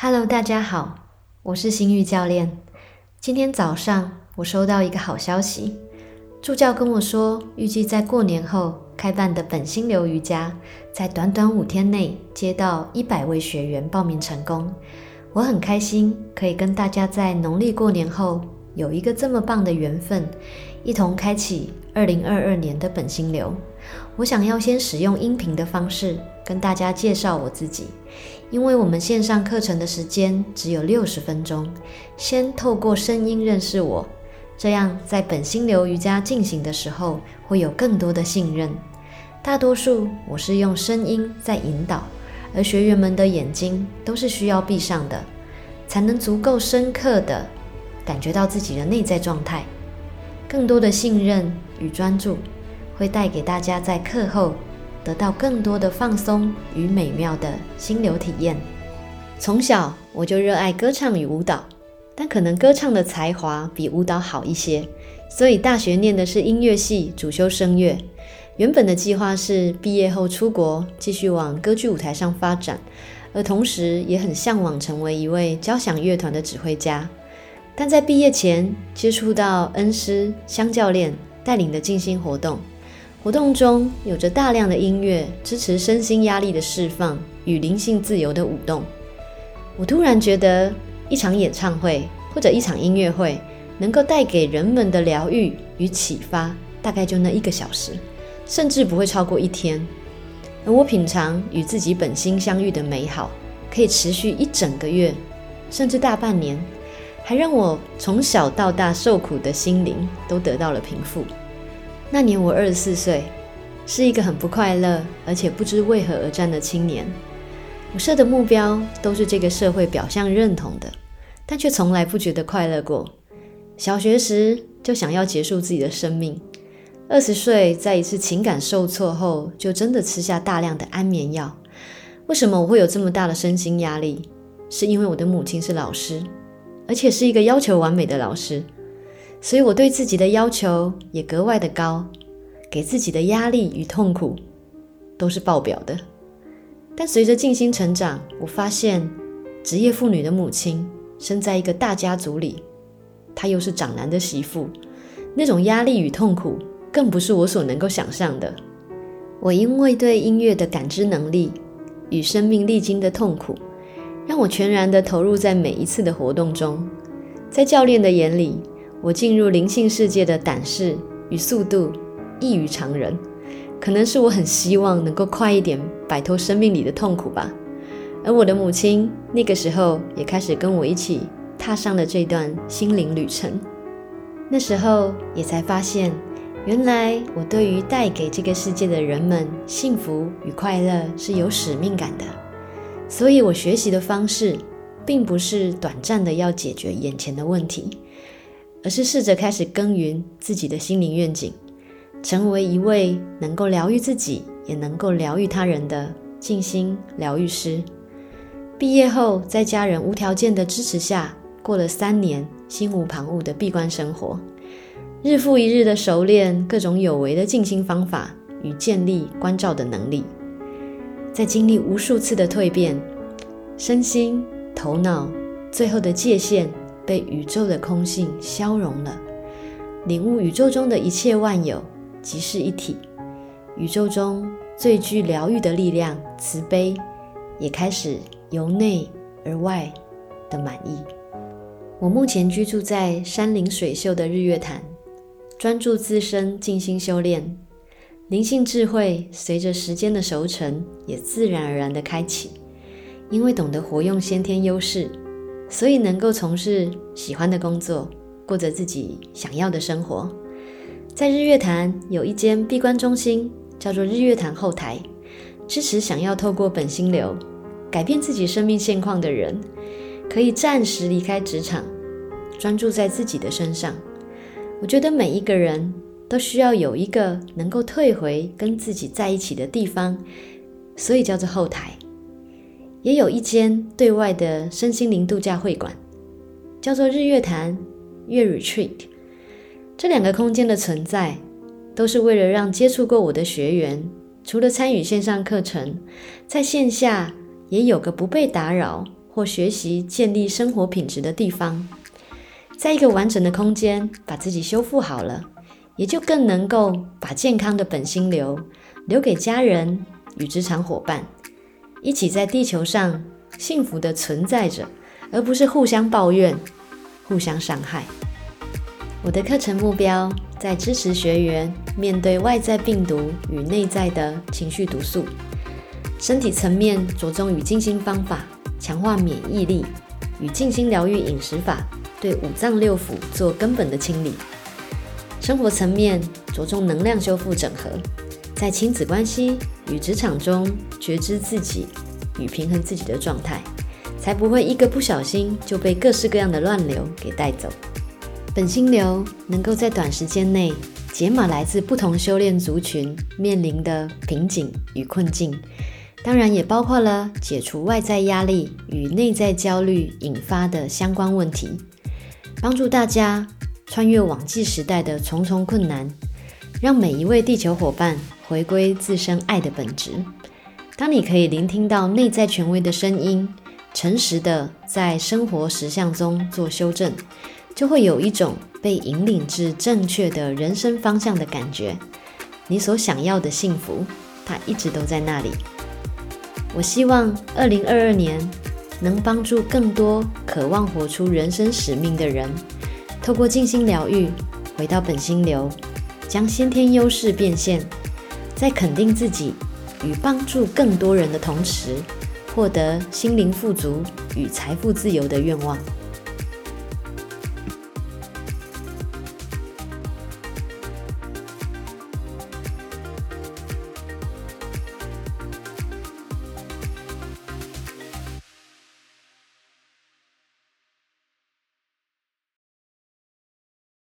Hello，大家好，我是心玉教練。今天早上我收到一個好消息，助教跟我說，預計在過年後開辦的本心流瑜伽，在短短五天內接到一百位學員報名成功。我很開心，可以跟大家在農曆過年後有一個這麼棒的緣分，一同開啟二零二二年的本心流。我想要先使用音頻的方式，跟大家介紹我自己，因為我們線上課程的時間只有六十分鐘，先透過聲音認識我，這樣在本心流瑜伽進行的時候會有更多的信任。大多數我是用聲音在引導，而學員們的眼睛都是需要閉上的，才能足夠深刻地感覺到自己的內在狀態。更多的信任與專注，會帶給大家在課後，得到更多的放鬆與美妙的心流體驗。從小我就熱愛歌唱與舞蹈，但可能歌唱的才華比舞蹈好一些，所以大學念的是音樂系，主修聲樂。原本的計劃是畢業後出國繼續往歌劇舞台上發展，而同時也很嚮往成為一位交響樂團的指揮家。但在畢業前接觸到恩師香教練帶領的靜心活動。活動中有着大量的音樂，支持身心壓力的釋放與靈性自由的舞動。我突然覺得，一場演唱會或者一場音樂會能夠帶給人們的療癒與啟發，大概就那一個小時，甚至不會超過一天。而我品嘗與自己本心相遇的美好，可以持續一整個月，甚至大半年，還讓我從小到大受苦的心靈都得到了平復。那年我二十四歲，是一個很不快樂，而且不知為何而戰的青年。我設的目標都是這個社會表象認同的，但卻從來不覺得快樂過。小學時就想要結束自己的生命，二十歲在一次情感受挫後，就真的吃下大量的安眠藥。為什麼我會有這麼大的身心壓力？是因為我的母親是老師，而且是一個要求完美的老師。所以我對自己的要求也格外的高，給自己的壓力與痛苦都是爆表的。但隨着靜心成長，我發現職業婦女的母親生在一個大家族裡，她又是長男的媳婦，那種壓力與痛苦更不是我所能夠想象的。我因為對音樂的感知能力與生命歷經的痛苦，讓我全然的投入在每一次的活動中，在教練的眼裡。我進入靈性世界的膽識與速度異於常人，可能是我很希望能夠快一點擺脫生命裡的痛苦吧。而我的母親那個時候也開始跟我一起踏上了這段心靈旅程。那時候也才發現，原來我對於帶給這個世界的人們幸福與快樂是有使命感的。所以我學習的方式並不是短暫的要解決眼前的問題。而是試着開始耕耘自己的心靈願景，成為一位能夠療癒自己也能夠療癒他人的靜心療癒師。畢業後，在家人無條件的支持下，過了三年心無旁騖的閉關生活，日復一日的熟練各種有為的靜心方法與建立觀照的能力，在經歷無數次的蛻變，身心、頭腦最後的界限。被宇宙的空性消融了，領悟宇宙中的一切萬有即是一體。宇宙中最具療癒的力量慈悲，也開始由內而外的滿溢。我目前居住在山林水秀的日月潭，專注自身靜心修煉，靈性智慧隨着時間的熟成，也自然而然的開啟。因為懂得活用先天優勢，所以能夠從事喜歡的工作，過着自己想要的生活。在日月潭有一間閉關中心，叫做日月潭後台，支持想要透過本心流改變自己生命現況的人，可以暫時離開職場，專注在自己的身上。我覺得每一個人都需要有一個能夠退回跟自己在一起的地方，所以叫做後台。也有一間對外的身心靈度假會館，叫做日月潭月 Retreat。這兩個空間的存在，都是為了讓接觸過我的學員，除了參與線上課程，在線下也有個不被打擾或學習建立生活品質的地方。在一個完整的空間，把自己修復好了，也就更能夠把健康的本心流，留給家人與職場夥伴。一起在地球上幸福的存在着，而不是互相抱怨、互相傷害。我的課程目標在支持學員面對外在病毒與內在的情緒毒素，身體層面着重於靜心方法，強化免疫力與靜心療癒飲食法，對五臟六腑做根本的清理；生活層面着重能量修復整合。在親子關係與職場中覺知自己與平衡自己的狀態，才不會一個不小心就被各式各樣的亂流給帶走。本心流能夠在短時間內解碼來自不同修煉族群面臨的瓶頸與困境，當然也包括了解除外在壓力與內在焦慮引發的相關問題，幫助大家穿越網際時代的重重困難，讓每一位地球夥伴。回歸自身愛的本質。當你可以聆聽到內在權威的聲音，誠實地在生活實相中做修正，就會有一種被引領至正確的人生方向的感覺。你所想要的幸福，它一直都在那裡。我希望二零二二年能幫助更多渴望活出人生使命的人，透過靜心療癒，回到本心流，將先天優勢變現。在肯定自己與幫助更多人的同時，獲得心靈富足與財富自由的願望。